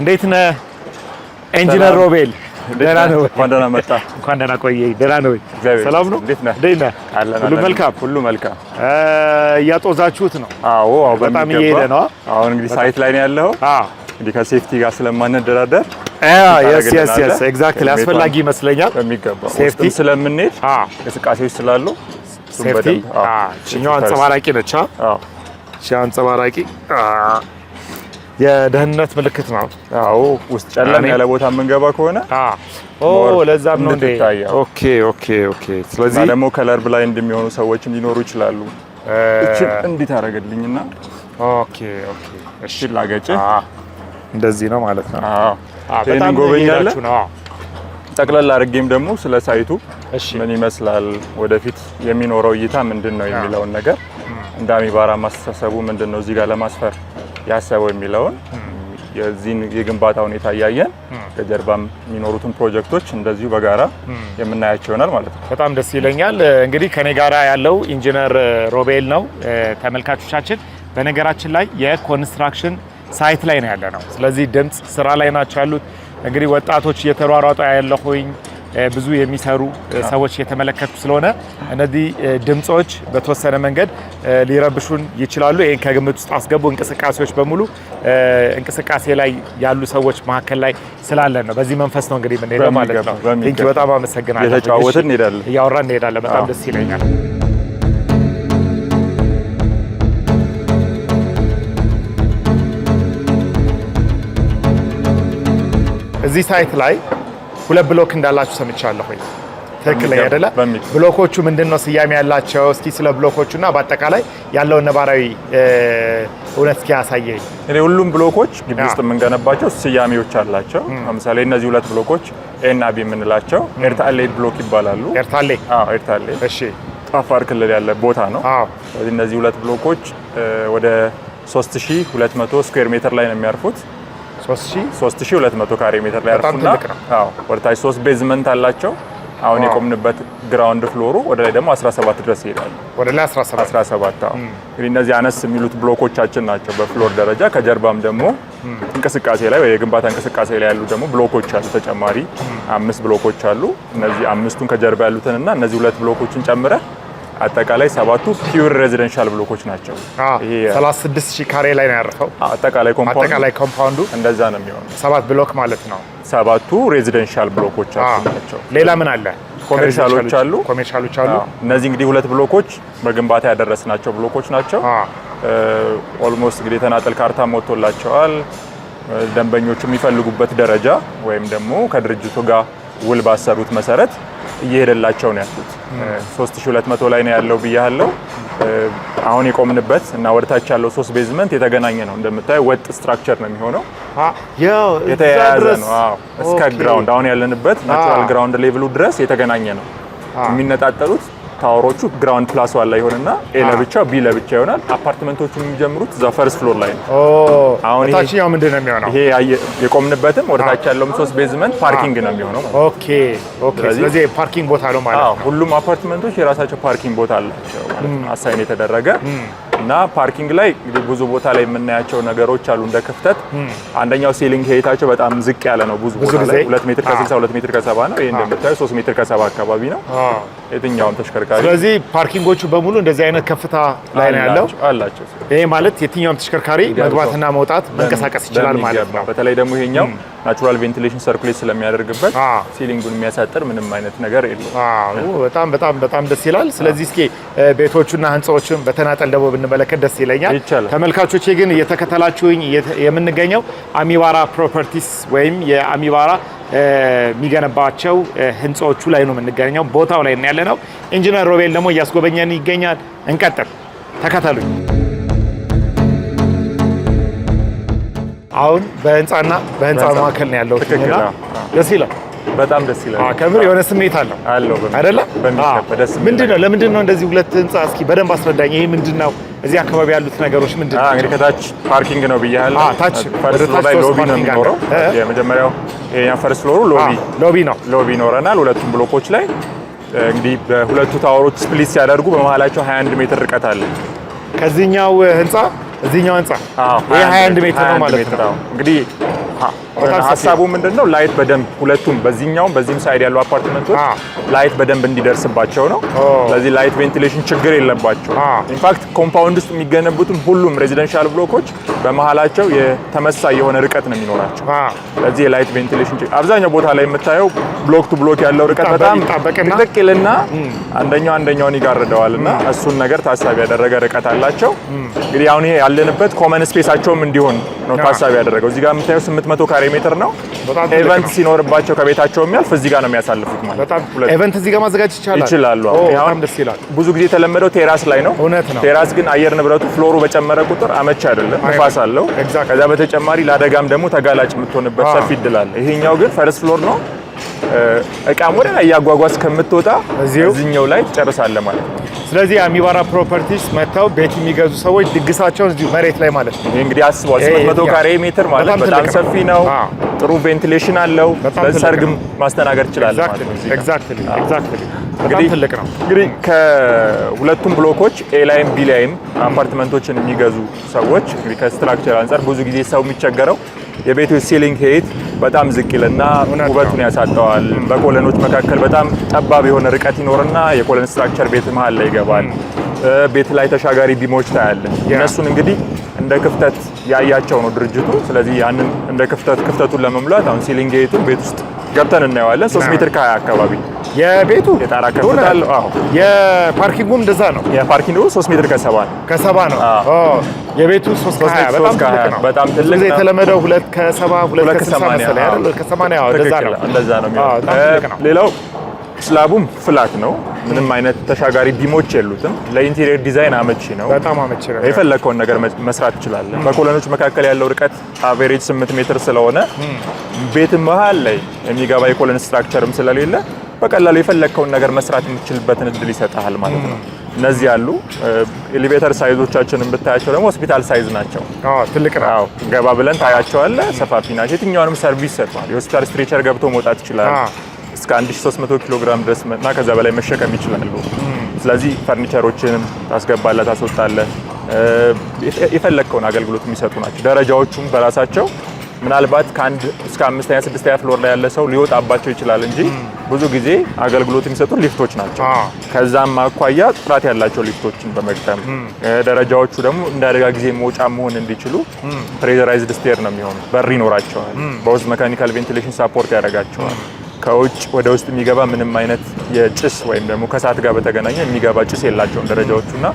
እንዴት ነህ ኢንጂነር ሮቤል? ደህና ነው። እንኳን ደህና መጣ። እንኳን ደህና ቆየህ። ደህና ነው። ሰላም ነው። እንዴት ነህ? ሁሉ መልካም፣ ሁሉ መልካም። እያጦዛችሁት ነው? አዎ፣ በጣም እየሄደ ነው። አሁን እንግዲህ ሳይት ላይ ነው ያለው። እንግዲህ ከሴፍቲ ጋር ስለማንደራደር ኤግዛክትሊ አስፈላጊ ይመስለኛል። በሚገባ ሴፍቲ ስለምንሄድ እንቅስቃሴዎች ስላሉ ሴፍቲ። ይችኛው አንጸባራቂ ነች። አንጸባራቂ የደህንነት ምልክት ነው። አዎ ውስጥ ጨለም ያለ ቦታ የምንገባ ከሆነ ለዛም ነው ስለዚህ ደግሞ ከለር ብላይንድ የሚሆኑ ሰዎችም ሊኖሩ ይችላሉ። እችን እንዴት አደረገልኝና እሺ ላገጭ እንደዚህ ነው ማለት ነው። በጣም ጎበኛለን። ጠቅለል አድርጌም ደግሞ ስለ ሳይቱ ምን ይመስላል፣ ወደፊት የሚኖረው እይታ ምንድን ነው የሚለውን ነገር እንደ አሚባራ ማስተሳሰቡ ምንድን ነው እዚህ ጋር ለማስፈር ያሰበው የሚለውን የዚህን የግንባታ ሁኔታ እያየን ከጀርባም የሚኖሩትን ፕሮጀክቶች እንደዚሁ በጋራ የምናያቸው ይሆናል ማለት ነው። በጣም ደስ ይለኛል። እንግዲህ ከኔ ጋራ ያለው ኢንጂነር ሮቤል ነው። ተመልካቾቻችን፣ በነገራችን ላይ የኮንስትራክሽን ሳይት ላይ ነው ያለ ነው። ስለዚህ ድምፅ ስራ ላይ ናቸው ያሉት። እንግዲህ ወጣቶች እየተሯሯጡ ያለሁኝ ብዙ የሚሰሩ ሰዎች የተመለከቱ ስለሆነ እነዚህ ድምፆች በተወሰነ መንገድ ሊረብሹን ይችላሉ። ይህን ከግምት ውስጥ አስገቡ። እንቅስቃሴዎች በሙሉ እንቅስቃሴ ላይ ያሉ ሰዎች መካከል ላይ ስላለን ነው። በዚህ መንፈስ ነው እንግዲህ የምንሄደው ማለት ነው። ቴንኪው በጣም አመሰግናለሁ። እየተጫወትን እንሄዳለን፣ እያወራን እንሄዳለን። በጣም ደስ ይለኛል። እዚህ ሳይት ላይ ሁለት ብሎክ እንዳላችሁ ሰምቻለሁ ወይ? ትክክል አይደለ? ብሎኮቹ ምንድን ነው ስያሜ ያላቸው? እስኪ ስለ ብሎኮቹና በአጠቃላይ ያለውን ነባራዊ እውነት እስኪ ያሳየኝ። እኔ ሁሉም ብሎኮች ግቢ ውስጥ የምንገነባቸው ስያሜዎች አላቸው። ለምሳሌ እነዚህ ሁለት ብሎኮች ኤና ቢ የምንላቸው ኤርታሌ ብሎክ ይባላሉ። ኤርታሌ? አዎ ኤርታሌ። እሺ። አፋር ክልል ያለ ቦታ ነው። አዎ። እነዚህ ሁለት ብሎኮች ወደ 3200 ስኩዌር ሜትር ላይ ነው የሚያርፉት። 3200 ካሬ ሜትር ላይ ያርፉና ወደ ታች ቤዝመንት አላቸው። አሁን የቆምንበት ግራውንድ ፍሎሩ ወደ ላይ ደግሞ 17 ድረስ ይሄዳል። ወደ ላይ 17 17። አዎ እንግዲህ እነዚህ አነስ የሚሉት ብሎኮቻችን ናቸው በፍሎር ደረጃ። ከጀርባም ደግሞ እንቅስቃሴ ላይ ወይ የግንባታ እንቅስቃሴ ላይ ያሉ ደግሞ ብሎኮች አሉ። ተጨማሪ አምስት ብሎኮች አሉ። እነዚህ አምስቱን ከጀርባ ያሉትንና እነዚህ ሁለት ብሎኮችን ጨምረ አጠቃላይ ሰባቱ ፒውር ሬዚደንሻል ብሎኮች ናቸው። 36 ሺህ ካሬ ላይ ነው ያረፈው አጠቃላይ ኮምፓውንዱ እንደዛ ነው የሚሆነው። ሰባት ብሎክ ማለት ነው። ሰባቱ ሬዚደንሻል ብሎኮች ናቸው። ሌላ ምን አለ? ኮሜርሻሎች አሉ። ኮሜርሻሎች አሉ። እነዚህ እንግዲህ ሁለት ብሎኮች በግንባታ ያደረስናቸው ብሎኮች ናቸው። ኦልሞስት እንግዲህ የተናጠል ካርታ ሞቶላቸዋል። ደንበኞቹ የሚፈልጉበት ደረጃ ወይም ደግሞ ከድርጅቱ ጋር ውል ባሰሩት መሰረት እየሄደላቸው ነው ያሉት። 3200 ላይ ነው ያለው ብያለው። አሁን የቆምንበት እና ወደታች ያለው ሶስት ቤዝመንት የተገናኘ ነው። እንደምታየው ወጥ ስትራክቸር ነው የሚሆነው፣ የተያያዘ ነው እስከ ግራውንድ። አሁን ያለንበት ናቹራል ግራውንድ ሌቭሉ ድረስ የተገናኘ ነው። የሚነጣጠሉት ታወሮቹ ግራውንድ ፕላስ ዋን ላይ ይሆንና ኤ ለብቻ ቢ ለብቻ ይሆናል። አፓርትመንቶቹ የሚጀምሩት እዛ ፈርስት ፍሎር ላይ ነው። አሁን ታችኛው ምንድን ነው የሚሆነው? ይሄ የቆምንበትም ወደ ታች ያለውም ሶስት ቤዝመንት ፓርኪንግ ነው የሚሆነው። ኦኬ ኦኬ። ስለዚህ ፓርኪንግ ቦታ ነው ማለት ነው። ሁሉም አፓርትመንቶች የራሳቸው ፓርኪንግ ቦታ አላቸው አሳይን የተደረገ እና ፓርኪንግ ላይ እንግዲህ ብዙ ቦታ ላይ የምናያቸው ነገሮች አሉ እንደ ክፍተት። አንደኛው ሴሊንግ ሄይታቸው በጣም ዝቅ ያለ ነው። ብዙ ቦታ ላይ 2 ሜትር ከ60 2 ሜትር ከ70 ነው። ይሄ እንደምታዩ 3 ሜትር ከ70 አካባቢ ነው። የትኛውም ተሽከርካሪ። ስለዚህ ፓርኪንጎቹ በሙሉ እንደዚህ አይነት ከፍታ ላይ ነው ያለው አላቸው። ይሄ ማለት የትኛውም ተሽከርካሪ መግባትና መውጣት መንቀሳቀስ ይችላል ማለት ነው። በተለይ ደግሞ ይሄኛው ናቹራል ቬንቲሌሽን ሰርኩሌት ስለሚያደርግበት ሲሊንጉን የሚያሳጥር ምንም አይነት ነገር የለውም። በጣም በጣም በጣም ደስ ይላል። ስለዚህ እስኪ ቤቶቹና ህንፃዎቹን በተናጠል ደግሞ ብንመለከት ደስ ይለኛል። ተመልካቾቼ ግን እየተከተላችሁኝ የምንገኘው አሚባራ ፕሮፐርቲስ ወይም የአሚባራ የሚገነባቸው ህንፃዎቹ ላይ ነው የምንገኘው። ቦታው ላይ ያለ ነው። ኢንጂነር ሮቤል ደግሞ እያስጎበኘን ይገኛል። እንቀጥል፣ ተከተሉኝ። አሁን በህንፃና በህንፃ መካከል ነው ያለው። ደስ ይላል፣ በጣም ደስ ይላል። ከምር የሆነ ስሜት አለው አለው አይደለ? ምንድን ነው ለምንድን ነው እንደዚህ ሁለት ህንፃ? እስኪ በደንብ አስረዳኝ። ይሄ ምንድን ነው? እዚህ አካባቢ ያሉት ነገሮች ምንድን ነው? እንግዲህ ከታች ፓርኪንግ ነው ብያለሁ። ታች ወደ ላይ ሎቢ ነው የሚኖረው የመጀመሪያው ይሄኛው ፈርስት ፍሎሩ ሎቢ ሎቢ ነው ሎቢ ይኖረናል። ሁለቱም ብሎኮች ላይ እንግዲህ በሁለቱ ታወሮች ስፕሊት ሲያደርጉ በመሃላቸው 21 ሜትር ርቀት አለ ከዚህኛው ህንጻ እዚህኛው ህንጻ ይሄ 21 ሜትር ነው ማለት ነው። እንግዲህ ሀሳቡ ምንድን ነው? ላይት በደንብ ሁለቱም በዚህኛውም በዚህም ሳይድ ያሉ አፓርትመንቶች ላይት በደንብ እንዲደርስባቸው ነው። ስለዚህ ላይት ቬንቲሌሽን ችግር የለባቸው። ኢንፋክት ኮምፓውንድ ውስጥ የሚገነቡትም ሁሉም ሬዚደንሻል ብሎኮች በመሀላቸው የተመሳይ የሆነ ርቀት ነው የሚኖራቸው። ስለዚህ የላይት ቬንቲሌሽን አብዛኛው ቦታ ላይ የምታየው ብሎክ ቱ ብሎክ ያለው ርቀት በጣም ጥቅ ይልና አንደኛው አንደኛውን ይጋርደዋል እና እሱን ነገር ታሳቢ ያደረገ ርቀት አላቸው። እንግዲህ አሁን ይሄ ያለንበት ኮመን ስፔሳቸውም እንዲሆን ነው ታሳቢ ያደረገው እዚህ ጋር የምታየው መቶ ካሬ ሜትር ነው። ኤቨንት ሲኖርባቸው ከቤታቸው የሚያልፍ እዚህ ጋር ነው የሚያሳልፉት። ማለት በጣም ኤቨንት እዚህ ጋር ማዘጋጅ ይቻላል ይችላሉ። አሁን ደስ ይላል። ብዙ ጊዜ የተለመደው ቴራስ ላይ ነው። ቴራስ ግን አየር ንብረቱ ፍሎሩ በጨመረ ቁጥር አመች አይደለም፣ ንፋስ አለው። ከዛ በተጨማሪ ለአደጋም ደግሞ ተጋላጭ የምትሆንበት ሰፊ እድል አለ። ይሄኛው ግን ፈርስት ፍሎር ነው እቃም ወደ ላይ እያጓጓዝ ከምትወጣ እዚህኛው ላይ ጨርሳለ ማለት ነው። ስለዚህ አሚባራ ፕሮፐርቲስ መጥተው ቤት የሚገዙ ሰዎች ድግሳቸውን እዚሁ መሬት ላይ ማለት ነው። ይህ እንግዲህ አስበዋል። 800 ካሬ ሜትር ማለት በጣም ሰፊ ነው። ጥሩ ቬንቲሌሽን አለው። በሰርግም ማስተናገድ ይችላል ማለት ነው። በጣም ትልቅ ነው። እንግዲህ ከሁለቱም ብሎኮች ኤ ላይም ቢ ላይም አፓርትመንቶችን የሚገዙ ሰዎች እንግዲህ ከስትራክቸር አንጻር ብዙ ጊዜ ሰው የሚቸገረው የቤቱ ሲሊንግ ሄይት በጣም ዝቅ ይልና ውበቱን ያሳጠዋል። በኮለኖች መካከል በጣም ጠባብ የሆነ ርቀት ይኖርና የኮለን ስትራክቸር ቤት መሀል ላይ ይገባል። ቤት ላይ ተሻጋሪ ቢሞች ታያለ። እነሱን እንግዲህ እንደ ክፍተት ያያቸው ነው ድርጅቱ። ስለዚህ ያንን እንደ ክፍተት ክፍተቱን ለመሙላት አሁን ሲሊንግ ቤት ውስጥ ገብተን እናየዋለን። ሶስት ሜትር ከሀያ አካባቢ የቤቱ የጣራ ከፍታ አለው። አዎ የፓርኪንጉም እንደዛ ነው። የፓርኪንጉ 3 ሜትር ከሰባ ነው ከሰባ ነው። አዎ የቤቱ 3 ከሀያ በጣም ትልቅ ነው። በጣም ትልቅ ነው። የተለመደው 2 ከ ከሰባ 2 ከ ከስልሳ መሰለኝ አይደል? ከሰማንያ አዎ፣ እንደዛ ነው። እንደዛ ነው እንደዛ ነው አዎ ነው። ሌላው ስላቡም ፍላት ነው። ምንም አይነት ተሻጋሪ ቢሞች የሉትም። ለኢንቴሪየር ዲዛይን አመቺ ነው። በጣም አመቺ ነው። የፈለግከውን ነገር መስራት ትችላለህ። በኮሎኖች መካከል ያለው ርቀት አቬሬጅ 8 ሜትር ስለሆነ ቤት መሃል ላይ የሚገባ የኮሎን ስትራክቸርም ስለሌለ በቀላሉ የፈለግከውን ነገር መስራት የምትችልበትን እድል ይሰጣል ማለት ነው። እነዚህ ያሉ ኤሌቬተር ሳይዞቻችንን ብታያቸው ደግሞ ሆስፒታል ሳይዝ ናቸው። ትልቅ ነው። ገባ ብለን ታያቸዋለ ሰፋፊ ናቸው። የትኛውንም ሰርቪስ ይሰጣል። የሆስፒታል ስትሬቸር ገብቶ መውጣት ይችላል። እስከ 1300 ኪሎ ግራም ድረስ እና ከዛ በላይ መሸከም ይችላሉ። ስለዚህ ፈርኒቸሮችንም ታስገባለ ታስወጣለ የፈለግከውን አገልግሎት የሚሰጡ ናቸው። ደረጃዎቹም በራሳቸው ምናልባት ከአንድ እስከ አምስተኛ ስድስተኛ ፍሎር ላይ ያለ ሰው ሊወጣባቸው ይችላል እንጂ ብዙ ጊዜ አገልግሎት የሚሰጡ ሊፍቶች ናቸው። ከዛም አኳያ ጥራት ያላቸው ሊፍቶችን በመግጠም ደረጃዎቹ ደግሞ እንደ አደጋ ጊዜ መውጫ መሆን እንዲችሉ ፕሬዘራይዝድ ስቴር ነው የሚሆኑ። በር ይኖራቸዋል። በውስጥ መካኒካል ቬንቲሌሽን ሳፖርት ያደርጋቸዋል። ከውጭ ወደ ውስጥ የሚገባ ምንም አይነት የጭስ ወይም ደግሞ ከሰዓት ጋር በተገናኘ የሚገባ ጭስ የላቸውም ደረጃዎቹና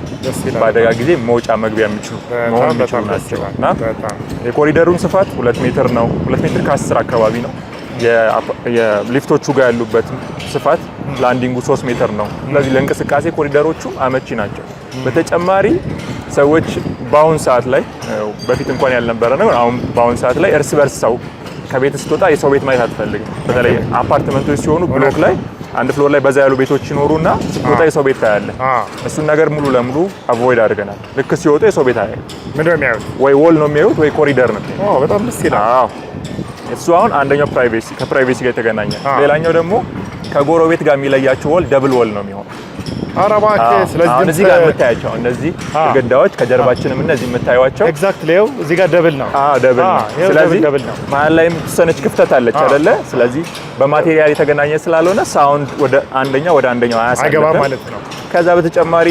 በአደጋ ጊዜ መውጫ መግቢያ የሚችሉ መሆን የሚችሉ ናቸው እና የኮሪደሩን ስፋት ሁለት ሜትር ነው። ሁለት ሜትር ከአስር አካባቢ ነው። የሊፍቶቹ ጋር ያሉበት ስፋት ላንዲንጉ ሶስት ሜትር ነው። ስለዚህ ለእንቅስቃሴ ኮሪደሮቹ አመቺ ናቸው። በተጨማሪ ሰዎች በአሁን ሰዓት ላይ በፊት እንኳን ያልነበረ ነው። አሁን በአሁን ሰዓት ላይ እርስ በርስ ሰው ከቤት ስትወጣ የሰው ቤት ማየት አትፈልግም። በተለይ አፓርትመንቶች ሲሆኑ ብሎክ ላይ አንድ ፍሎር ላይ በዛ ያሉ ቤቶች ይኖሩና ስትወጣ የሰው ቤት ታያለ። እሱን ነገር ሙሉ ለሙሉ አቮይድ አድርገናል። ልክ ሲወጡ የሰው ቤት አያዩ። ምንድን ነው የሚያዩት? ወይ ወል ነው የሚያዩት ወይ ኮሪደር ነው። በጣም ደስ ይላል። እሱ አሁን አንደኛው ፕራይቬሲ ከፕራይቬሲ ጋር የተገናኘ ሌላኛው ደግሞ ከጎረቤት ጋር የሚለያቸው ወል ደብል ወል ነው የሚሆነው ኧረ እባክህ። ስለዚህ አሁን እዚህ ጋር የምታያቸው እነዚህ ግድግዳዎች ከጀርባችንም እነዚህ የምታዩቸው እዚህ ጋር ደብል ነው። አዎ ደብል ነው። ስለዚህ መሀል ላይ የምትሰነች ክፍተት አለች አይደለ? ስለዚህ በማቴሪያል የተገናኘ ስላልሆነ ሳውንድ ወደ አንደኛው ወደ አንደኛው አያሳልፍም ማለት ነው። ከዛ በተጨማሪ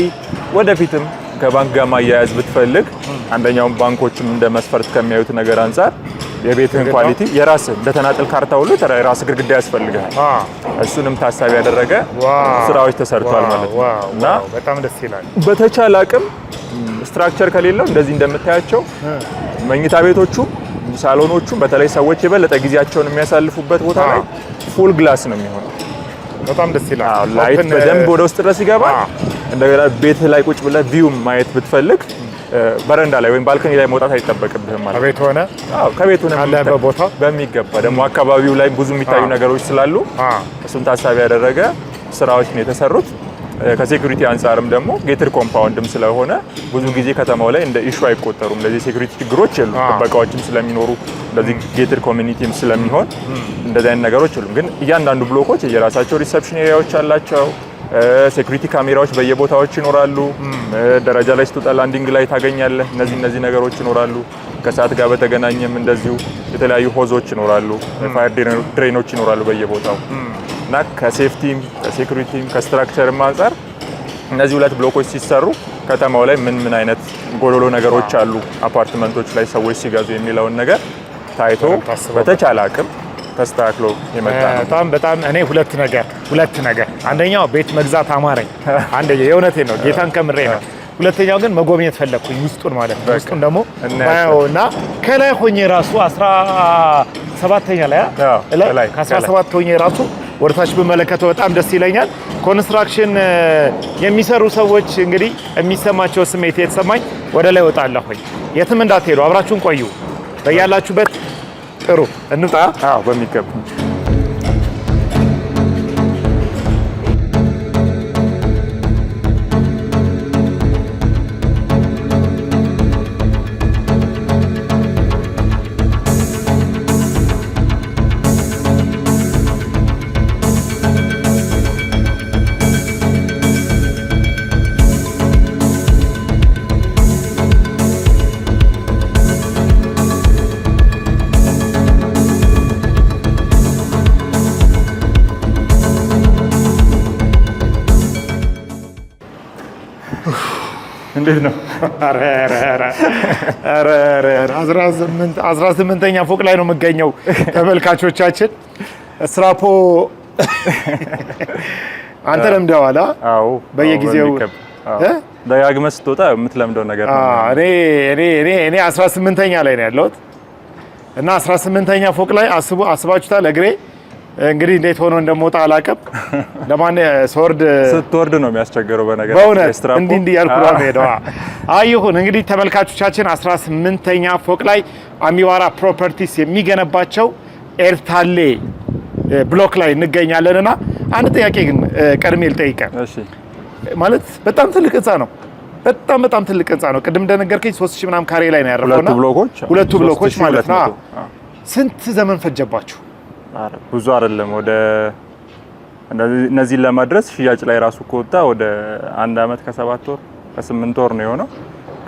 ወደፊትም ከባንክ ጋር ማያያዝ ብትፈልግ አንደኛውም ባንኮችም እንደ መስፈርት ከሚያዩት ነገር አንጻር የቤትን ኳሊቲ የራስ እንደተናጠል ካርታ ሁሉ የራስ ግድግዳ ያስፈልጋል። እሱንም ታሳቢ ያደረገ ስራዎች ተሰርቷል ማለት ነው እና በጣም ደስ ይላል። በተቻለ አቅም ስትራክቸር ከሌለው እንደዚህ እንደምታያቸው መኝታ ቤቶቹ ሳሎኖቹም በተለይ ሰዎች የበለጠ ጊዜያቸውን የሚያሳልፉበት ቦታ ላይ ፉል ግላስ ነው የሚሆነው። በጣም ደስ ይላል። ላይት በደንብ ወደ ውስጥ ድረስ ይገባል። እንደገና ቤት ላይ ቁጭ ብለህ ቪውም ማየት ብትፈልግ በረንዳ ላይ ወይም ባልኮኒ ላይ መውጣት አይጠበቅብህም ማለት ከቤት ሆነ ከቤት ሆነ ቦታ በሚገባ ደግሞ አካባቢው ላይ ብዙ የሚታዩ ነገሮች ስላሉ እሱን ታሳቢ ያደረገ ስራዎች ነው የተሰሩት። ከሴኩሪቲ አንጻርም ደግሞ ጌትድ ኮምፓውንድም ስለሆነ ብዙ ጊዜ ከተማው ላይ እንደ ኢሹ አይቆጠሩም። ለዚህ ሴኩሪቲ ችግሮች የሉ ጥበቃዎችም ስለሚኖሩ ለዚህ ጌትድ ኮሚኒቲም ስለሚሆን እንደዚህ አይነት ነገሮች የሉም። ግን እያንዳንዱ ብሎኮች የራሳቸው ሪሰፕሽን ኤሪያዎች አላቸው። ሴኩሪቲ ካሜራዎች በየቦታዎች ይኖራሉ። ደረጃ ላይ ስትወጣ ላንዲንግ ላይ ታገኛለህ። እነዚህ እነዚህ ነገሮች ይኖራሉ። ከሰዓት ጋር በተገናኘም እንደዚሁ የተለያዩ ሆዞች ይኖራሉ፣ ፋየር ድሬኖች ይኖራሉ በየቦታው እና ከሴፍቲም ከሴኩሪቲም ከስትራክቸርም አንጻር እነዚህ ሁለት ብሎኮች ሲሰሩ ከተማው ላይ ምን ምን አይነት ጎሎሎ ነገሮች አሉ አፓርትመንቶች ላይ ሰዎች ሲገዙ የሚለውን ነገር ታይቶ በተቻለ አቅም ተስተካክሎ የመጣ በጣም በጣም እኔ ሁለት ነገር ሁለት ነገር አንደኛው ቤት መግዛት አማረኝ። አንደኛው የእውነቴ ነው ጌታን ከምሬ ነው። ሁለተኛው ግን መጎብኘት ፈለግኩኝ ውስጡን ማለት ነው። ውስጡን ደግሞ እና ከላይ ሆኜ ራሱ አስራ ሰባተኛ ላይ ከአስራ ሰባት ሆኜ ራሱ ወደታች ብመለከተው በጣም ደስ ይለኛል። ኮንስትራክሽን የሚሰሩ ሰዎች እንግዲህ የሚሰማቸው ስሜት የተሰማኝ ወደ ላይ ወጣለሁኝ። የትም እንዳትሄዱ አብራችሁን ቆዩ በያላችሁበት ጥሩ እንውጣ። አዎ በሚገባ እንዴት ነው? አስራ ስምንተኛ ፎቅ ላይ ነው የምገኘው። ተመልካቾቻችን ስራፖ አንተ ለምደዋል። አዎ በየጊዜው ደጋግመህ ስትወጣ የምትለምደው ነገር ነው። እኔ አስራ ስምንተኛ ላይ ነው ያለሁት እና አስራ ስምንተኛ ፎቅ ላይ አስባችሁታል እግሬ እንግዲህ እንዴት ሆኖ እንደምወጣ አላውቅም። ለማን ስወርድ ስትወርድ ነው የሚያስቸግረው። በነገር በእውነት እንዲህ እንዲህ ያልኩ ነው ሄደዋ አይሁን። እንግዲህ ተመልካቾቻችን 18ኛ ፎቅ ላይ አሚዋራ ፕሮፐርቲስ የሚገነባቸው ኤርታሌ ብሎክ ላይ እንገኛለን እና አንድ ጥያቄ ግን ቀድሜ ልጠይቀ ማለት በጣም ትልቅ ህንፃ ነው። በጣም በጣም ትልቅ ህንፃ ነው። ቅድም እንደነገርከኝ ሶስት ሺህ ምናምን ካሬ ላይ ነው ያረፈውና ሁለቱ ብሎኮች ማለት ነው። ስንት ዘመን ፈጀባችሁ? ብዙ አይደለም። ወደ እነዚህን ለማድረስ ሽያጭ ላይ ራሱ ከወጣ ወደ አንድ አመት ከሰባት ወር ከስምንት ወር ነው የሆነው።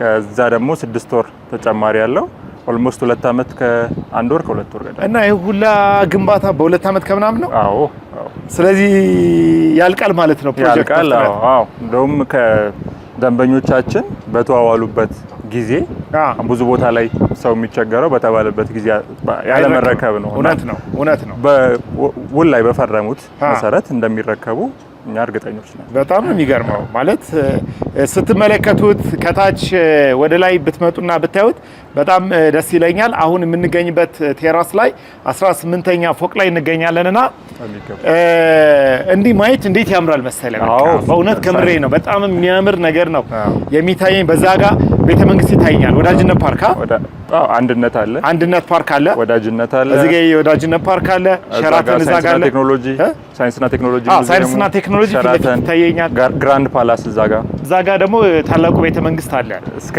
ከዛ ደግሞ ስድስት ወር ተጨማሪ ያለው ኦልሞስት ሁለት አመት ከአንድ ወር ከሁለት ወር ገደማ እና ይህ ሁላ ግንባታ በሁለት አመት ከምናምን ነው። አዎ ስለዚህ ያልቃል ማለት ነው ፕሮጀክት ያልቃል። አዎ እንደውም ከደንበኞቻችን በተዋዋሉበት ጊዜ ብዙ ቦታ ላይ ሰው የሚቸገረው በተባለበት ጊዜ ያለመረከብ ነው። እውነት ነው፣ እውነት ነው። በውል ላይ በፈረሙት መሰረት እንደሚረከቡ እኛ እርግጠኞች ነን። በጣም የሚገርመው። ማለት ስትመለከቱት ከታች ወደ ላይ ብትመጡና ብታዩት በጣም ደስ ይለኛል። አሁን የምንገኝበት ቴራስ ላይ 18ኛ ፎቅ ላይ እንገኛለን እና እንዲህ ማየት እንዴት ያምራል መሰለ። በእውነት ከምሬ ነው። በጣም የሚያምር ነገር ነው የሚታየኝ። በዛ ጋ ቤተ መንግስት ይታየኛል። ወዳጅነት ፓርክ አንድነት አለ፣ አንድነት ፓርክ አለ፣ ወዳጅነት አለ፣ እዚህ ጋር የወዳጅነት ፓርክ አለ፣ ሸራተን እዛ ጋ አለ፣ ቴክኖሎጂ ሳይንስና ቴክኖሎጂ ሳይንስና ቴክኖሎጂ ይታየኛል። ግራንድ ፓላስ እዛ ጋ እዛ ጋ ደግሞ ታላቁ ቤተ መንግስት አለ እስከ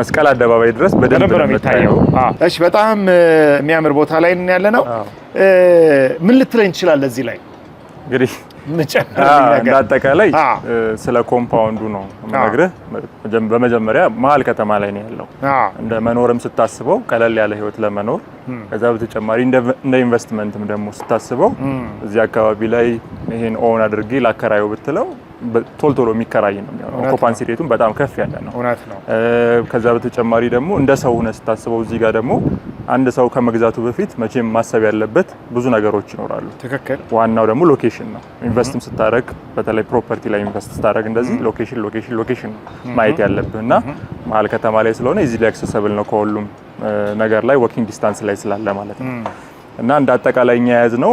መስቀል አደባባይ ድረስ በደንብ ነው የሚታየው። እሺ፣ በጣም የሚያምር ቦታ ላይ ያለ ነው። ምን ልትለኝ ትችላለህ? እዚህ ላይ እንግዲህ እንዳጠቃላይ ስለ ኮምፓውንዱ ነው የምነግርህ። በመጀመሪያ መሀል ከተማ ላይ ነው ያለው። እንደ መኖርም ስታስበው ቀለል ያለ ህይወት ለመኖር ከዛ በተጨማሪ እንደ ኢንቨስትመንትም ደግሞ ስታስበው እዚህ አካባቢ ላይ ይሄን ኦን አድርጌ ላከራዩ ብትለው ቶልቶሎ የሚከራይ ነው የሚሆነው። ኦኮፓንሲ ሬቱን በጣም ከፍ ያለ ነው። ከዛ በተጨማሪ ደግሞ እንደ ሰው ሆነ ስታስበው እዚህ ጋር ደግሞ አንድ ሰው ከመግዛቱ በፊት መቼም ማሰብ ያለበት ብዙ ነገሮች ይኖራሉ። ትክክል። ዋናው ደግሞ ሎኬሽን ነው። ኢንቨስትም ስታደረግ በተለይ ፕሮፐርቲ ላይ ኢንቨስት ስታደረግ እንደዚህ ሎኬሽን ሎኬሽን ሎኬሽን ማየት ያለብህ እና መሀል ከተማ ላይ ስለሆነ ኢዚሊ አክሰሰብል ነው ከሁሉም ነገር ላይ ወኪንግ ዲስታንስ ላይ ስላለ ማለት ነው እና እንደ አጠቃላይ እኛ የያዝ ነው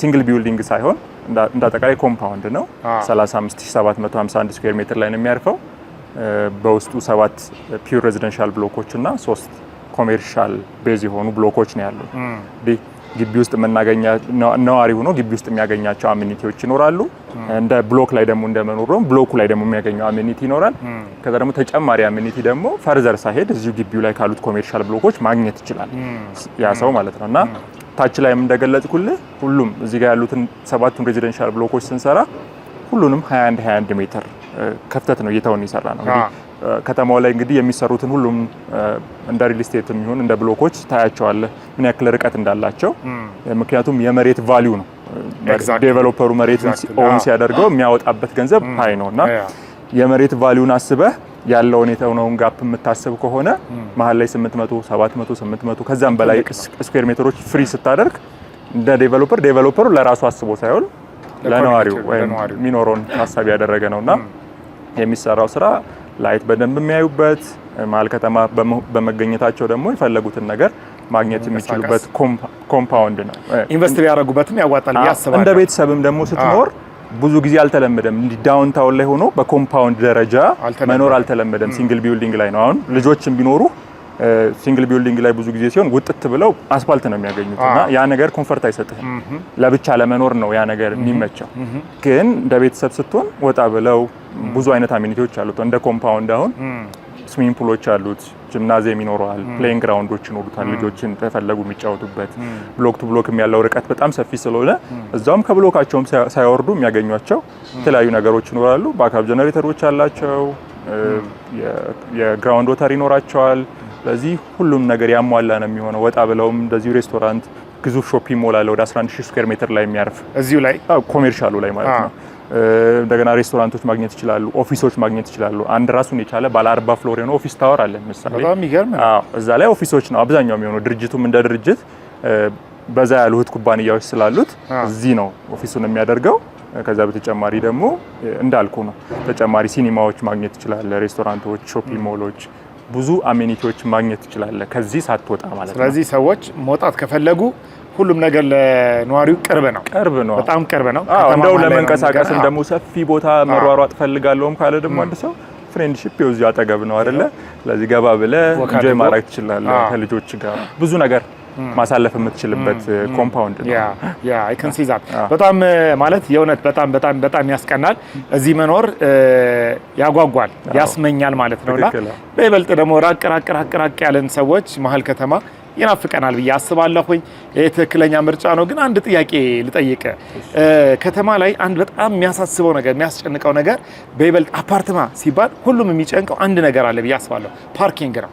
ሲንግል ቢውልዲንግ ሳይሆን እንደ አጠቃላይ ኮምፓውንድ ነው። 35751 ስኩዌር ሜትር ላይ ነው የሚያርፈው። በውስጡ ሰባት ፒውር ሬዚደንሻል ብሎኮች እና ሶስት ኮሜርሻል ቤዝ የሆኑ ብሎኮች ነው ያሉ። ግቢ ውስጥ የምናገኛ ነዋሪ ሆኖ ግቢ ውስጥ የሚያገኛቸው አሚኒቲዎች ይኖራሉ። እንደ ብሎክ ላይ ደግሞ እንደመኖሩ ብሎኩ ላይ ደግሞ የሚያገኘው አሚኒቲ ይኖራል። ከዛ ደግሞ ተጨማሪ አሚኒቲ ደግሞ ፈርዘር ሳይሄድ እዚሁ ግቢው ላይ ካሉት ኮሜርሻል ብሎኮች ማግኘት ይችላል ያ ሰው ማለት ነው እና ታች ላይ እንደገለጽኩልህ ሁሉም እዚህ ጋር ያሉትን ሰባቱን ሬዚደንሻል ብሎኮች ስንሰራ ሁሉንም 21 21 ሜትር ክፍተት ነው እየተውን ይሰራ ነው ከተማው ላይ እንግዲህ የሚሰሩትን ሁሉም እንደ ሪል ስቴት የሚሆን እንደ ብሎኮች ታያቸዋለህ ምን ያክል ርቀት እንዳላቸው። ምክንያቱም የመሬት ቫሊዩ ነው ዴቨሎፐሩ መሬት ኦን ሲያደርገው የሚያወጣበት ገንዘብ ሀይ ነው እና የመሬት ቫሊዩን አስበህ ያለውን የተውነውን ጋፕ የምታስብ ከሆነ መሀል ላይ 800 700 800 ከዛም በላይ ስኩዌር ሜትሮች ፍሪ ስታደርግ እንደ ዴቨሎፐር ዴቨሎፐሩ ለራሱ አስቦ ሳይሆን ለነዋሪው ወይም የሚኖረውን ታሳቢ ያደረገ ነውና የሚሰራው ስራ ላይት በደንብ የሚያዩበት መሀል ከተማ በመገኘታቸው ደግሞ የፈለጉትን ነገር ማግኘት የሚችሉበት ኮምፓውንድ ነው። ኢንቨስት ቢያደርጉበትም ያዋጣል ያስባል። እንደ ቤተሰብም ደግሞ ስትኖር ብዙ ጊዜ አልተለመደም። እንዲህ ዳውንታውን ላይ ሆኖ በኮምፓውንድ ደረጃ መኖር አልተለመደም። ሲንግል ቢልዲንግ ላይ ነው። አሁን ልጆችም ቢኖሩ ሲንግል ቢልዲንግ ላይ ብዙ ጊዜ ሲሆን ውጥት ብለው አስፋልት ነው የሚያገኙት እና ያ ነገር ኮንፈርት አይሰጥህም። ለብቻ ለመኖር ነው ያ ነገር የሚመቸው። ግን እንደ ቤተሰብ ስትሆን ወጣ ብለው ብዙ አይነት አሚኒቲዎች አሉት። እንደ ኮምፓውንድ አሁን ስዊሚንግ ፑሎች አሉት፣ ጂምናዚየም ይኖረዋል፣ ፕሌይንግ ግራውንዶች ይኖሩታል፣ ልጆችን ተፈለጉ የሚጫወቱበት። ብሎክ ቱ ብሎክም ያለው ርቀት በጣም ሰፊ ስለሆነ እዛውም ከብሎካቸውም ሳይወርዱ የሚያገኟቸው የተለያዩ ነገሮች ይኖራሉ። ባካፕ ጀነሬተሮች አላቸው፣ የግራውንድ ወተር ይኖራቸዋል። ስለዚህ ሁሉም ነገር ያሟላ ነው የሚሆነው። ወጣ ብለውም እንደዚሁ ሬስቶራንት፣ ግዙፍ ሾፒንግ ሞል አለ ወደ 11000 ስኩዌር ሜትር ላይ የሚያርፍ እዚሁ ላይ ኮሜርሻሉ ላይ ማለት ነው። እንደገና ሬስቶራንቶች ማግኘት ይችላሉ። ኦፊሶች ማግኘት ይችላሉ። አንድ ራሱን የቻለ ባለ አርባ ፍሎር የሆነ ኦፊስ ታወር አለ ምሳሌ። እዛ ላይ ኦፊሶች ነው አብዛኛው የሚሆነው። ድርጅቱም እንደ ድርጅት በዛ እህት ኩባንያዎች ስላሉት እዚህ ነው ኦፊሱን የሚያደርገው። ከዛ በተጨማሪ ደግሞ እንዳልኩ ነው ተጨማሪ ሲኒማዎች ማግኘት ይችላል። ሬስቶራንቶች፣ ሾፒንግ ሞሎች ብዙ አሜኒቲዎች ማግኘት ትችላለህ ከዚህ ሳትወጣ ማለት ነው። ስለዚህ ሰዎች መውጣት ከፈለጉ ሁሉም ነገር ለነዋሪው ቅርብ ነው፣ ቅርብ ነው፣ በጣም ቅርብ ነው። እንደው ለመንቀሳቀስም ደግሞ ሰፊ ቦታ መሯሯጥ ፈልጋለሁም ካለ ደግሞ አንድ ሰው ፍሬንድሺፕ የውዚ አጠገብ ነው አይደለ? ስለዚህ ገባ ብለህ ኢንጆይ ማድረግ ትችላለህ ከልጆች ጋር ብዙ ነገር Mm. ማሳለፍ የምትችልበት ኮምፓውንድ mm. uh, mm. ነው። ያ አይ በጣም uh, ማለት የእውነት በጣም በጣም በጣም ያስቀናል። እዚህ መኖር uh, ያጓጓል፣ ያስመኛል ማለት ነውና በይበልጥ ደግሞ ራቅ ራቅ ራቅ ራቅ ያለን ሰዎች መሀል ከተማ ይናፍቀናል ብዬ አስባለሁኝ። ይህ ትክክለኛ ምርጫ ነው። ግን አንድ ጥያቄ ልጠይቅ። ከተማ ላይ አንድ በጣም የሚያሳስበው ነገር የሚያስጨንቀው ነገር በይበልጥ አፓርትማ ሲባል ሁሉም የሚጨንቀው አንድ ነገር አለ ብዬ አስባለሁ፣ ፓርኪንግ ነው።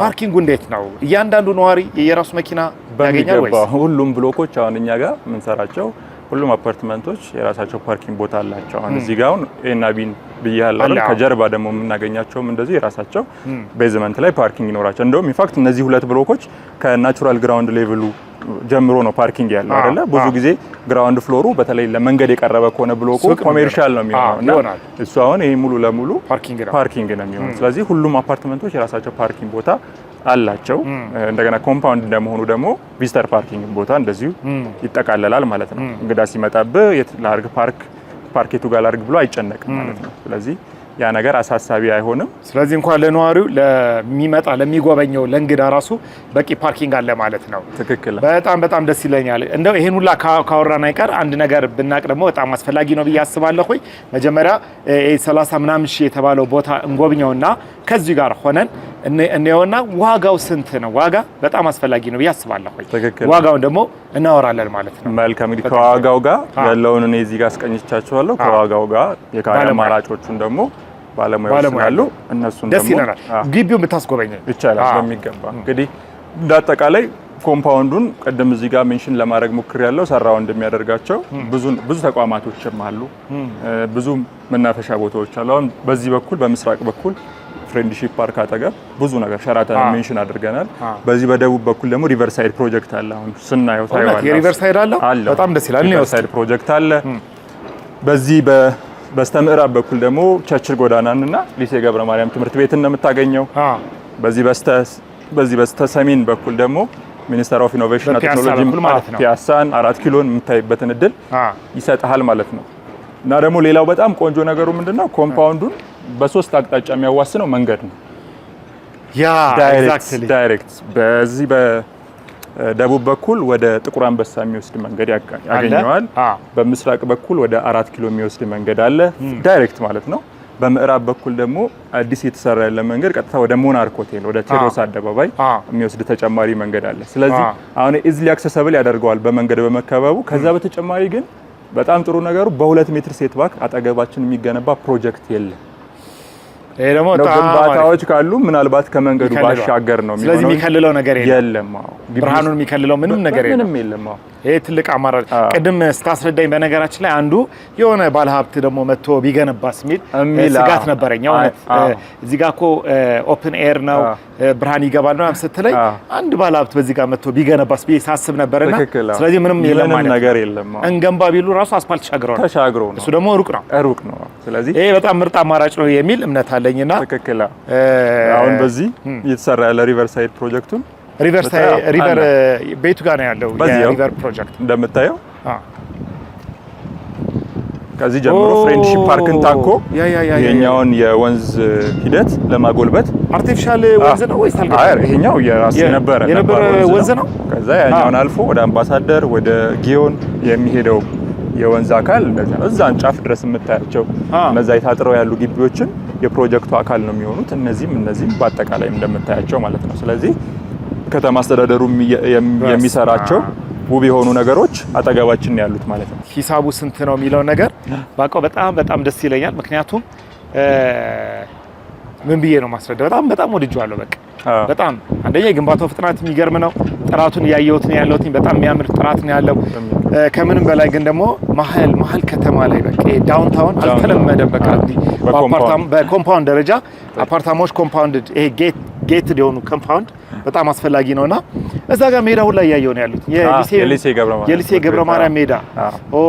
ፓርኪንጉ እንዴት ነው? እያንዳንዱ ነዋሪ የየራሱ መኪና ያገኛል ወይስ? ሁሉም ብሎኮች አሁን እኛ ጋር የምንሰራቸው ሁሉም አፓርትመንቶች የራሳቸው ፓርኪንግ ቦታ አላቸው። አሁን እዚህ ጋር አሁን ኤና ቢን ብያለሁ። ከጀርባ ደግሞ የምናገኛቸውም እንደዚህ የራሳቸው ቤዝመንት ላይ ፓርኪንግ ይኖራቸው። እንደውም ኢንፋክት እነዚህ ሁለት ብሎኮች ከናቹራል ግራውንድ ሌቭሉ ጀምሮ ነው ፓርኪንግ ያለው አይደለ? ብዙ ጊዜ ግራውንድ ፍሎሩ በተለይ ለመንገድ የቀረበ ከሆነ ብሎኩ ኮሜርሻል ነው የሚሆነው እና እሱ አሁን ይሄ ሙሉ ለሙሉ ፓርኪንግ ነው የሚሆነው። ስለዚህ ሁሉም አፓርትመንቶች የራሳቸው ፓርኪንግ ቦታ አላቸው። እንደገና ኮምፓውንድ እንደመሆኑ ደግሞ ቪዚተር ፓርኪንግ ቦታ እንደዚሁ ይጠቃለላል ማለት ነው። እንግዳ ሲመጣብህ የት ፓርክ ፓርኬቱ ጋር ላርግ ብሎ አይጨነቅም ማለት ነው። ስለዚህ ያ ነገር አሳሳቢ አይሆንም። ስለዚህ እንኳን ለነዋሪው ለሚመጣ ለሚጎበኘው ለእንግዳ ራሱ በቂ ፓርኪንግ አለ ማለት ነው። ትክክል። በጣም በጣም ደስ ይለኛል። እንደው ይህን ሁላ ካወራን አይቀር አንድ ነገር ብናቅ ደግሞ በጣም አስፈላጊ ነው ብዬ አስባለሁ። መጀመሪያ 30 ምናምን ሺህ የተባለው ቦታ እንጎብኘውና ከዚህ ጋር ሆነን እንየውና ዋጋው ስንት ነው? ዋጋ በጣም አስፈላጊ ነው ብዬ አስባለሁ። ዋጋውን ደግሞ እናወራለን ማለት ነው። መልካም እንግዲህ ከዋጋው ጋር ያለውን እኔ እዚህ ጋር አስቀኝቻችኋለሁ። ከዋጋው ጋር የካለ አማራጮቹን ደግሞ ባለሙያዎች ያሉ እነሱን ደስ ይለናል። ግቢውን ብታስጎበኝ ይቻላል በሚገባ እንግዲህ እንዳጠቃላይ ኮምፓውንዱን ቅድም እዚህ ጋር ሜንሽን ለማድረግ ሞክር ያለው ሰራው እንደሚያደርጋቸው ብዙ ተቋማቶችም አሉ፣ ብዙ መናፈሻ ቦታዎች አሉ። አሁን በዚህ በኩል በምስራቅ በኩል ፍሬንድሺፕ ፓርክ አጠገብ ብዙ ነገር ሸራተን ሜንሽን አድርገናል። በዚህ በደቡብ በኩል ደግሞ ሪቨርሳይድ ፕሮጀክት አለ። አሁን ስናየው ታየዋለህ። ሪቨርሳይድ አለ፣ በጣም ደስ ይላል። ሪቨርሳይድ ፕሮጀክት አለ። በዚህ በስተ በኩል ደግሞ ቸርችል ጎዳናን እና ሊሴ ገብረ ማርያም ትምህርት ቤትን ነው የምታገኘው። በዚህ በስተ በዚህ በስተ ሰሜን በኩል ደግሞ ሚኒስተር ኦፍ ኢኖቬሽን ቴክኖሎጂ ፒያሳን፣ አራት ኪሎን የምታይበትን እድል ይሰጥሃል ማለት ነው። እና ደግሞ ሌላው በጣም ቆንጆ ነገሩ ምንድነው ኮምፓውንዱን በሶስት አቅጣጫ የሚያዋስነው መንገድ ነው። ያ ዳይሬክት በዚህ በደቡብ በኩል ወደ ጥቁር አንበሳ የሚወስድ መንገድ ያገኘዋል። በምስራቅ በኩል ወደ አራት ኪሎ የሚወስድ መንገድ አለ፣ ዳይሬክት ማለት ነው። በምዕራብ በኩል ደግሞ አዲስ የተሰራ ያለ መንገድ ቀጥታ ወደ ሞናርክ ሆቴል ወደ ቴዎድሮስ አደባባይ የሚወስድ ተጨማሪ መንገድ አለ። ስለዚህ አሁን ኢዝሊ አክሰሰብል ያደርገዋል በመንገድ በመከበቡ። ከዛ በተጨማሪ ግን በጣም ጥሩ ነገሩ በሁለት ሜትር ሴት ባክ አጠገባችን የሚገነባ ፕሮጀክት የለም። ይሄ ደግሞ ግንባታዎች ካሉ ምናልባት ከመንገዱ ባሻገር ነው ስለዚህ የሚከልለው ነገር የለም፣ ብርሃኑን የሚከልለው ምንም ነገር የለም። ይሄ ትልቅ አማራጭ ቅድም ስታስረዳኝ፣ በነገራችን ላይ አንዱ የሆነ ባለሀብት ደግሞ መጥቶ ቢገነባስ የሚል ስጋት ነበረኝ። እውነት እዚህ ጋር እኮ ኦፕን ኤር ነው ብርሃን ይገባል ነው ስትለኝ፣ አንድ ባለሀብት በዚህ ጋር መጥቶ ቢገነባስ ብዬ ሳስብ ነበርና፣ ስለዚህ ምንም የለም ነገር የለም። እንገንባ ቢሉ ራሱ አስፋልት ተሻግረው ተሻግሮ ነው። እሱ ደግሞ ሩቅ ነው ሩቅ ነው። ስለዚህ ይሄ በጣም ምርጥ አማራጭ ነው የሚል እምነት አለኝና ትክክል አሁን በዚህ እየተሰራ ያለ ሪቨርሳይድ ፕሮጀክቱን ሪቨር ቤቱ ጋር ነው ያለው የሪቨር ፕሮጀክት እንደምታየው ከዚህ ጀምሮ ፍሬንድሺፕ ፓርክን ታኮ የኛውን የወንዝ ሂደት ለማጎልበት አርቲፊሻል ወንዝ ነው ወይስ አልጋ? አይ ይሄኛው የራስ የነበረ የነበረ ወንዝ ነው። ከዛ ያኛውን አልፎ ወደ አምባሳደር ወደ ጊዮን የሚሄደው የወንዝ አካል እንደዛ እዛን ጫፍ ድረስ የምታያቸው እነዛ የታጥረው ያሉ ግቢዎችን የፕሮጀክቱ አካል ነው የሚሆኑት። እነዚህም እነዚህም በአጠቃላይ እንደምታያቸው ማለት ነው። ስለዚህ ከተማ አስተዳደሩ የሚሰራቸው ውብ የሆኑ ነገሮች አጠገባችን ነው ያሉት ማለት ነው። ሂሳቡ ስንት ነው የሚለው ነገር ባውቀው በጣም በጣም ደስ ይለኛል። ምክንያቱም ምን ብዬ ነው ማስረዳ፣ በጣም በጣም ወድጄዋለሁ። በቃ በጣም አንደኛ የግንባታው ፍጥነት የሚገርም ነው። ጥራቱን እያየሁት ነው ያለሁት። በጣም የሚያምር ጥራት ነው ያለው። ከምንም በላይ ግን ደግሞ መሀል መሀል ከተማ ላይ በቃ ዳውንታውን አልተለመደም። በቃ በኮምፓውንድ ደረጃ አፓርታማዎች ኮምፓውንድድ ይሄ ጌት ጌትድ የሆኑ ኮምፓውንድ በጣም አስፈላጊ ነውና እዛ ጋር ሜዳው ላይ እያየሁ ነው ያሉት የሊሴ ገብረ ማርያም ሜዳ። ኦ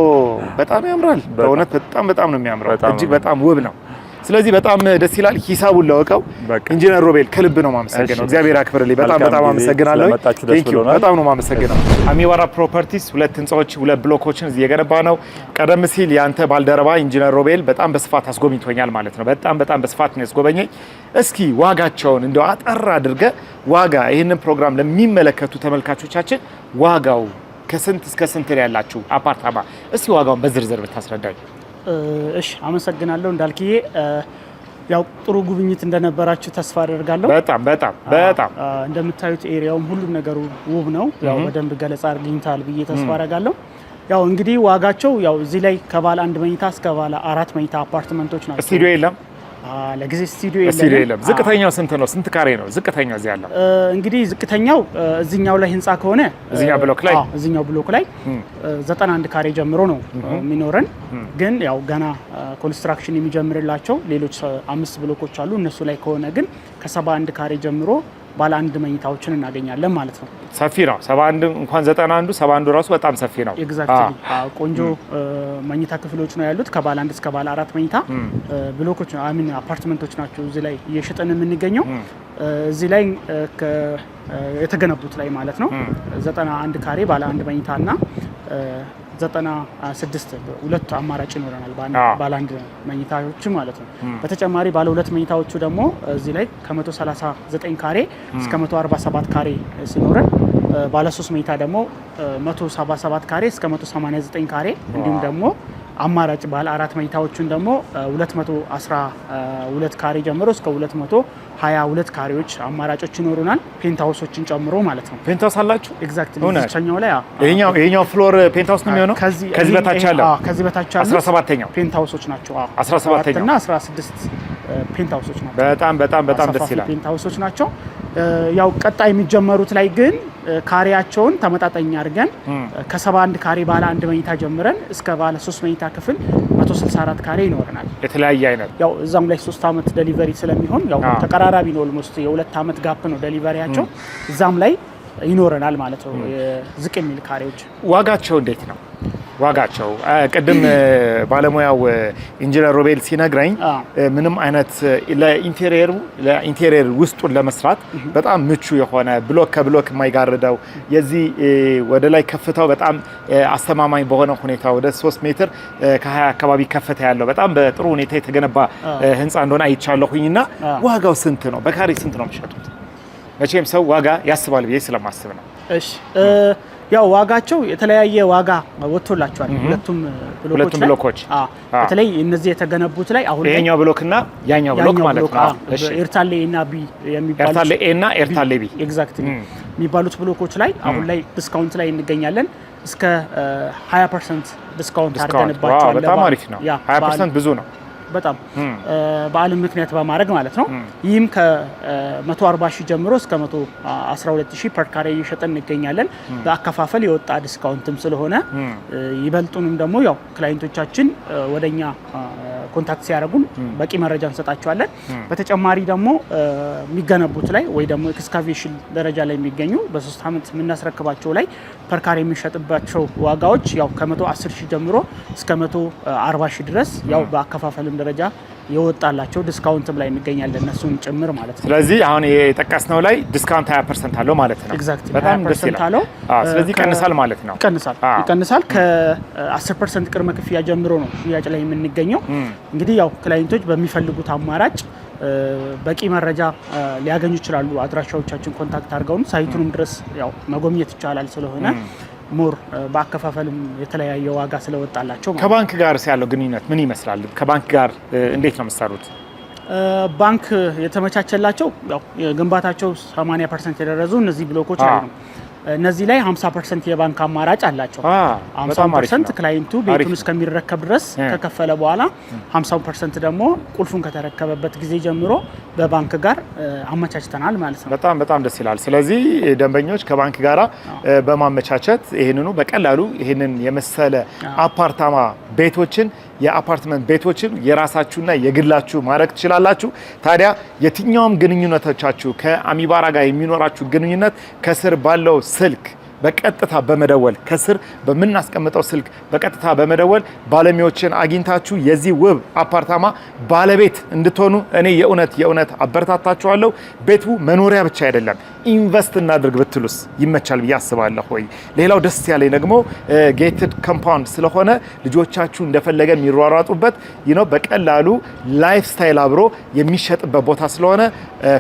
በጣም ያምራል በእውነት በጣም በጣም ነው የሚያምረው። እጅግ በጣም ውብ ነው። ስለዚህ በጣም ደስ ይላል። ሂሳቡን ለወቀው ኢንጂነር ሮቤል ከልብ ነው ማመሰግነው። እግዚአብሔር ያክብርልኝ። በጣም በጣም አመሰግናለሁ። በጣም ነው ማመሰግነው። አሚባራ ፕሮፐርቲስ ሁለት ህንፃዎች፣ ሁለት ብሎኮችን እዚህ የገነባ ነው። ቀደም ሲል ያንተ ባልደረባ ኢንጂነር ሮቤል በጣም በስፋት አስጎብኝቶኛል ማለት ነው። በጣም በጣም በስፋት ነው ያስጎበኘኝ። እስኪ ዋጋቸውን እንደው አጠር አድርገ ዋጋ ይህንን ፕሮግራም ለሚመለከቱ ተመልካቾቻችን ዋጋው ከስንት እስከ ስንት ያላችሁ አፓርታማ? እስኪ ዋጋውን በዝርዝር ብታስረዳኝ። እሺ አመሰግናለሁ እንዳልክዬ። ያው ጥሩ ጉብኝት እንደነበራችሁ ተስፋ አደርጋለሁ። በጣም በጣም በጣም እንደምታዩት ኤሪያውም ሁሉም ነገሩ ውብ ነው። ያው በደንብ ገለጻ አግኝታል ብዬ ተስፋ አደርጋለሁ። ያው እንግዲህ ዋጋቸው ያው እዚህ ላይ ከባለ አንድ መኝታ እስከ ባለ አራት መኝታ አፓርትመንቶች ናቸው። ስቱዲዮ የለም ለጊዜ ስቱዲዮ የለም። ዝቅተኛው ስንት ነው? ስንት ካሬ ነው ዝቅተኛው? እዚህ ያለው እንግዲህ ዝቅተኛው እዚኛው ላይ ህንፃ ከሆነ እዚኛው ብሎክ ላይ እዚኛው ብሎክ ላይ 91 ካሬ ጀምሮ ነው የሚኖረን። ግን ያው ገና ኮንስትራክሽን የሚጀምርላቸው ሌሎች አምስት ብሎኮች አሉ። እነሱ ላይ ከሆነ ግን ከ71 ካሬ ጀምሮ ባለ አንድ መኝታዎችን እናገኛለን ማለት ነው። ሰፊ ነው። ሰባ እንኳን ዘጠና አንዱ ሰባ አንዱ ራሱ በጣም ሰፊ ነው። ኤግዛክትሊ ቆንጆ መኝታ ክፍሎች ነው ያሉት። ከባለ አንድ እስከ ባለ አራት መኝታ ብሎኮች አሚን አፓርትመንቶች ናቸው እዚህ ላይ እየሸጠን የምንገኘው እዚህ ላይ የተገነቡት ላይ ማለት ነው። ዘጠና አንድ ካሬ ባለ አንድ መኝታ እና ዘጠና ስድስት ሁለቱ አማራጭ ይኖረናል ባለ አንድ መኝታዎቹ ማለት ነው። በተጨማሪ ባለ ሁለት መኝታዎቹ ደግሞ እዚህ ላይ ከ139 ካሬ እስከ 147 ካሬ ሲኖረን ባለ ሶስት መኝታ ደግሞ 177 ካሬ እስከ 189 ካሬ እንዲሁም ደግሞ አማራጭ ባለ አራት መኝታዎቹን ደግሞ 212 ካሬ ጀምሮ እስከ 222 ካሬዎች አማራጮች ይኖሩናል፣ ፔንታውሶችን ጨምሮ ማለት ነው። ፔንታውስ አላችሁ? ኤግዛክትሊ ብቸኛው ላይ ይሄኛው ፍሎር ፔንታውስ ነው የሚሆነው። ከዚህ በታች አለ ከዚህ በታች አለ 17ኛው ፔንታውሶች ናቸው። አዎ 17ኛው እና 16 ፔንታውሶች ናቸው። በጣም በጣም በጣም ደስ ይላል። ፔንታውሶች ናቸው። ያው ቀጣይ የሚጀመሩት ላይ ግን ካሬያቸውን ተመጣጣኝ አድርገን ከ71 ካሬ ባለ አንድ መኝታ ጀምረን እስከ ባለ ሶስት መኝታ ክፍል 164 ካሬ ይኖረናል። የተለያየ አይነት ያው እዛም ላይ ሶስት ዓመት ደሊቨሪ ስለሚሆን ያው ተቀራራቢ ነው። ኦልሞስት የሁለት አመት ጋፕ ነው ዴሊቨሪያቸው። እዛም ላይ ይኖረናል ማለት ነው። ዝቅ የሚል ካሬዎች ዋጋቸው እንዴት ነው? ዋጋቸው ቅድም ባለሙያው ኢንጂነር ሮቤል ሲነግረኝ ምንም አይነት ለኢንቴሪየር ውስጡን ለመስራት በጣም ምቹ የሆነ ብሎክ ከብሎክ የማይጋርደው የዚህ ወደ ላይ ከፍታው በጣም አስተማማኝ በሆነ ሁኔታ ወደ 3 ሜትር ከ20 አካባቢ ከፍታ ያለው በጣም በጥሩ ሁኔታ የተገነባ ህንፃ እንደሆነ አይቻለሁኝ እና ዋጋው ስንት ነው? በካሬ ስንት ነው የሚሸጡት? መቼም ሰው ዋጋ ያስባል ብዬ ስለማስብ ነው። እሺ ያው ዋጋቸው የተለያየ ዋጋ ወጥቶላቸዋል። ሁለቱም ብሎኮች ሁለቱም ብሎኮች በተለይ እነዚህ የተገነቡት ላይ አሁን ይሄኛው ብሎክና ያኛው ብሎክ ማለት ነው። እሺ ኤርታሌ እና ቢ የሚባሉት ኤርታሌ ኤ እና ኤርታሌ ቢ ኤግዛክትሊ የሚባሉት ብሎኮች ላይ አሁን ላይ ዲስካውንት ላይ እንገኛለን። እስከ 20% ዲስካውንት አድርገንባቸዋል። በጣም አሪፍ ነው። 20% ብዙ ነው። በጣም በዓልን ምክንያት በማድረግ ማለት ነው። ይህም ከ140 ሺህ ጀምሮ እስከ 112 ሺህ ፐር ካሬ እየሸጠ እንገኛለን። በአከፋፈል የወጣ ዲስካውንትም ስለሆነ ይበልጡንም ደግሞ ያው ክላይንቶቻችን ወደኛ ኮንታክት ሲያደርጉን በቂ መረጃ እንሰጣቸዋለን። በተጨማሪ ደግሞ የሚገነቡት ላይ ወይ ደግሞ ኤክስካቬሽን ደረጃ ላይ የሚገኙ በሶስት ዓመት የምናስረክባቸው ላይ ፐር ካሬ የሚሸጥባቸው ዋጋዎች ያው ከ110 ሺህ ጀምሮ እስከ 140 ሺህ ድረስ ያው በአከፋፈልም ደረጃ የወጣላቸው ዲስካውንትም ላይ እንገኛለን እነሱን ጭምር ማለት ነው። ስለዚህ አሁን የጠቀስነው ላይ ዲስካውንት 20 ፐርሰንት አለው ማለት ነው። ኤግዛክትሊ በጣም ደስ ይላል። ስለዚህ ይቀንሳል ማለት ነው። ይቀንሳል ይቀንሳል። ከ10 ፐርሰንት ቅድመ ክፍያ ጀምሮ ነው ሽያጭ ላይ የምንገኘው። እንግዲህ ያው ክላይንቶች በሚፈልጉት አማራጭ በቂ መረጃ ሊያገኙ ይችላሉ። አድራሻዎቻችን ኮንታክት አድርገውን ሳይቱንም ድረስ ያው መጎብኘት ይቻላል ስለሆነ ሙር በአከፋፈልም የተለያየ ዋጋ ስለወጣላቸው። ከባንክ ጋር ያለው ግንኙነት ምን ይመስላል? ከባንክ ጋር እንዴት ነው የምትሰሩት? ባንክ የተመቻቸላቸው ግንባታቸው 80 ፐርሰንት የደረሱ እነዚህ ብሎኮች አሉ። እነዚህ ላይ 50 ፐርሰንት የባንክ አማራጭ አላቸው። 50 ፐርሰንት ክላይንቱ ቤቱን እስከሚረከብ ድረስ ከከፈለ በኋላ 50 ፐርሰንት ደግሞ ቁልፉን ከተረከበበት ጊዜ ጀምሮ በባንክ ጋር አመቻችተናል ማለት ነው። በጣም በጣም ደስ ይላል። ስለዚህ ደንበኞች ከባንክ ጋራ በማመቻቸት ይህንኑ በቀላሉ ይህንን የመሰለ አፓርታማ ቤቶችን የአፓርትመንት ቤቶችን የራሳችሁና የግላችሁ ማድረግ ትችላላችሁ። ታዲያ የትኛውም ግንኙነቶቻችሁ ከአሚባራ ጋር የሚኖራችሁ ግንኙነት ከስር ባለው ስልክ በቀጥታ በመደወል ከስር በምናስቀምጠው ስልክ በቀጥታ በመደወል ባለሙያዎችን አግኝታችሁ የዚህ ውብ አፓርታማ ባለቤት እንድትሆኑ እኔ የእውነት የእውነት አበረታታችኋለሁ። ቤቱ መኖሪያ ብቻ አይደለም ኢንቨስት እናድርግ ብትሉስ ይመቻል ብዬ አስባለሁ። ወይ ሌላው ደስ ያለኝ ደግሞ ጌትድ ኮምፓውንድ ስለሆነ ልጆቻችሁ እንደፈለገ የሚሯሯጡበት ነው። በቀላሉ ላይፍ ስታይል አብሮ የሚሸጥበት ቦታ ስለሆነ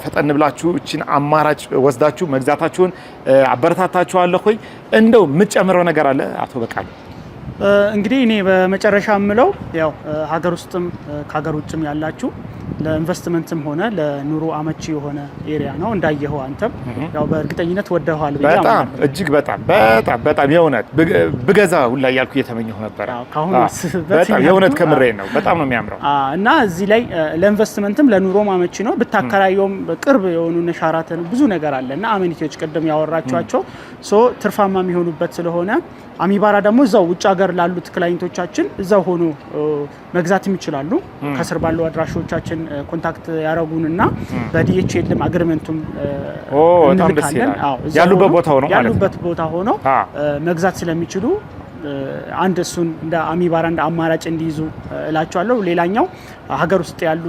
ፈጠን ብላችሁ እችን አማራጭ ወስዳችሁ መግዛታችሁን አበረታታችኋለሁ። እንደው የምትጨምረው ነገር አለ አቶ በቃሉ? እንግዲህ እኔ በመጨረሻ የምለው ያው ሀገር ውስጥም ከሀገር ውጭም ያላችሁ ለኢንቨስትመንትም ሆነ ለኑሮ አመቺ የሆነ ኤሪያ ነው። እንዳየኸው አንተም ያው በእርግጠኝነት ወደኋል በጣም እጅግ በጣም በጣም በጣም የእውነት ብገዛ ሁላ እያልኩ እየተመኘሁ ነበረ። በጣም የእውነት ከምሬ ነው። በጣም ነው የሚያምረው እና እዚህ ላይ ለኢንቨስትመንትም ለኑሮም አመቺ ነው። ብታከራየውም ቅርብ የሆኑ ነሻራትን ብዙ ነገር አለ እና አሜኒቲዎች ቅድም ያወራችኋቸው ሶ ትርፋማ የሚሆኑበት ስለሆነ አሚባራ ደግሞ እዛው ውጭ ሀገር ላሉት ክላይንቶቻችን እዛው ሆኖ መግዛትም ይችላሉ። ከስር ባለው አድራሾቻችን ኮንታክት ያደረጉንና በዲኤችኤልም አግሪመንቱም እንልካለን። ያሉበት ቦታ ሆኖ ያሉበት ቦታ ሆኖ መግዛት ስለሚችሉ አንድ እሱን እንደ አሚባራ እንደ አማራጭ እንዲይዙ እላቸዋለሁ። ሌላኛው ሀገር ውስጥ ያሉ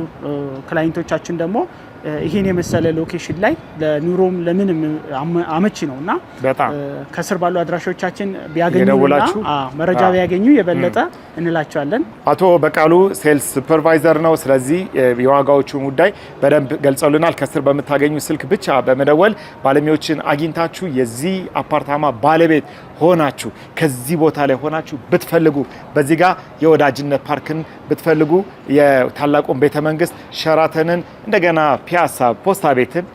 ክላይንቶቻችን ደግሞ ይሄን የመሰለ ሎኬሽን ላይ ለኑሮም ለምንም አመቺ ነው እና ከስር ባሉ አድራሾቻችን ቢያገኙ መረጃ ቢያገኙ የበለጠ እንላቸዋለን። አቶ በቃሉ ሴልስ ሱፐርቫይዘር ነው። ስለዚህ የዋጋዎቹን ጉዳይ በደንብ ገልጸውልናል። ከስር በምታገኙ ስልክ ብቻ በመደወል ባለሙያዎችን አግኝታችሁ የዚህ አፓርታማ ባለቤት ሆናችሁ ከዚህ ቦታ ላይ ሆናችሁ ብትፈልጉ በዚህ ጋር የወዳጅነት ፓርክን ብትፈልጉ የታላቁን ቤተመንግስት ሸራተንን እንደገና ፒያሳ ፖስታ ቤትን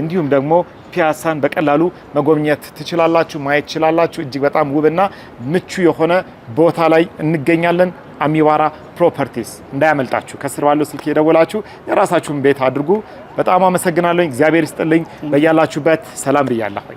እንዲሁም ደግሞ ፒያሳን በቀላሉ መጎብኘት ትችላላችሁ፣ ማየት ትችላላችሁ። እጅግ በጣም ውብና ምቹ የሆነ ቦታ ላይ እንገኛለን። አሚባራ ፕሮፐርቲስ እንዳያመልጣችሁ። ከስር ባለው ስልክ የደወላችሁ የራሳችሁን ቤት አድርጉ። በጣም አመሰግናለሁ። እግዚአብሔር ይስጥልኝ። በያላችሁበት ሰላም ብያለሁ።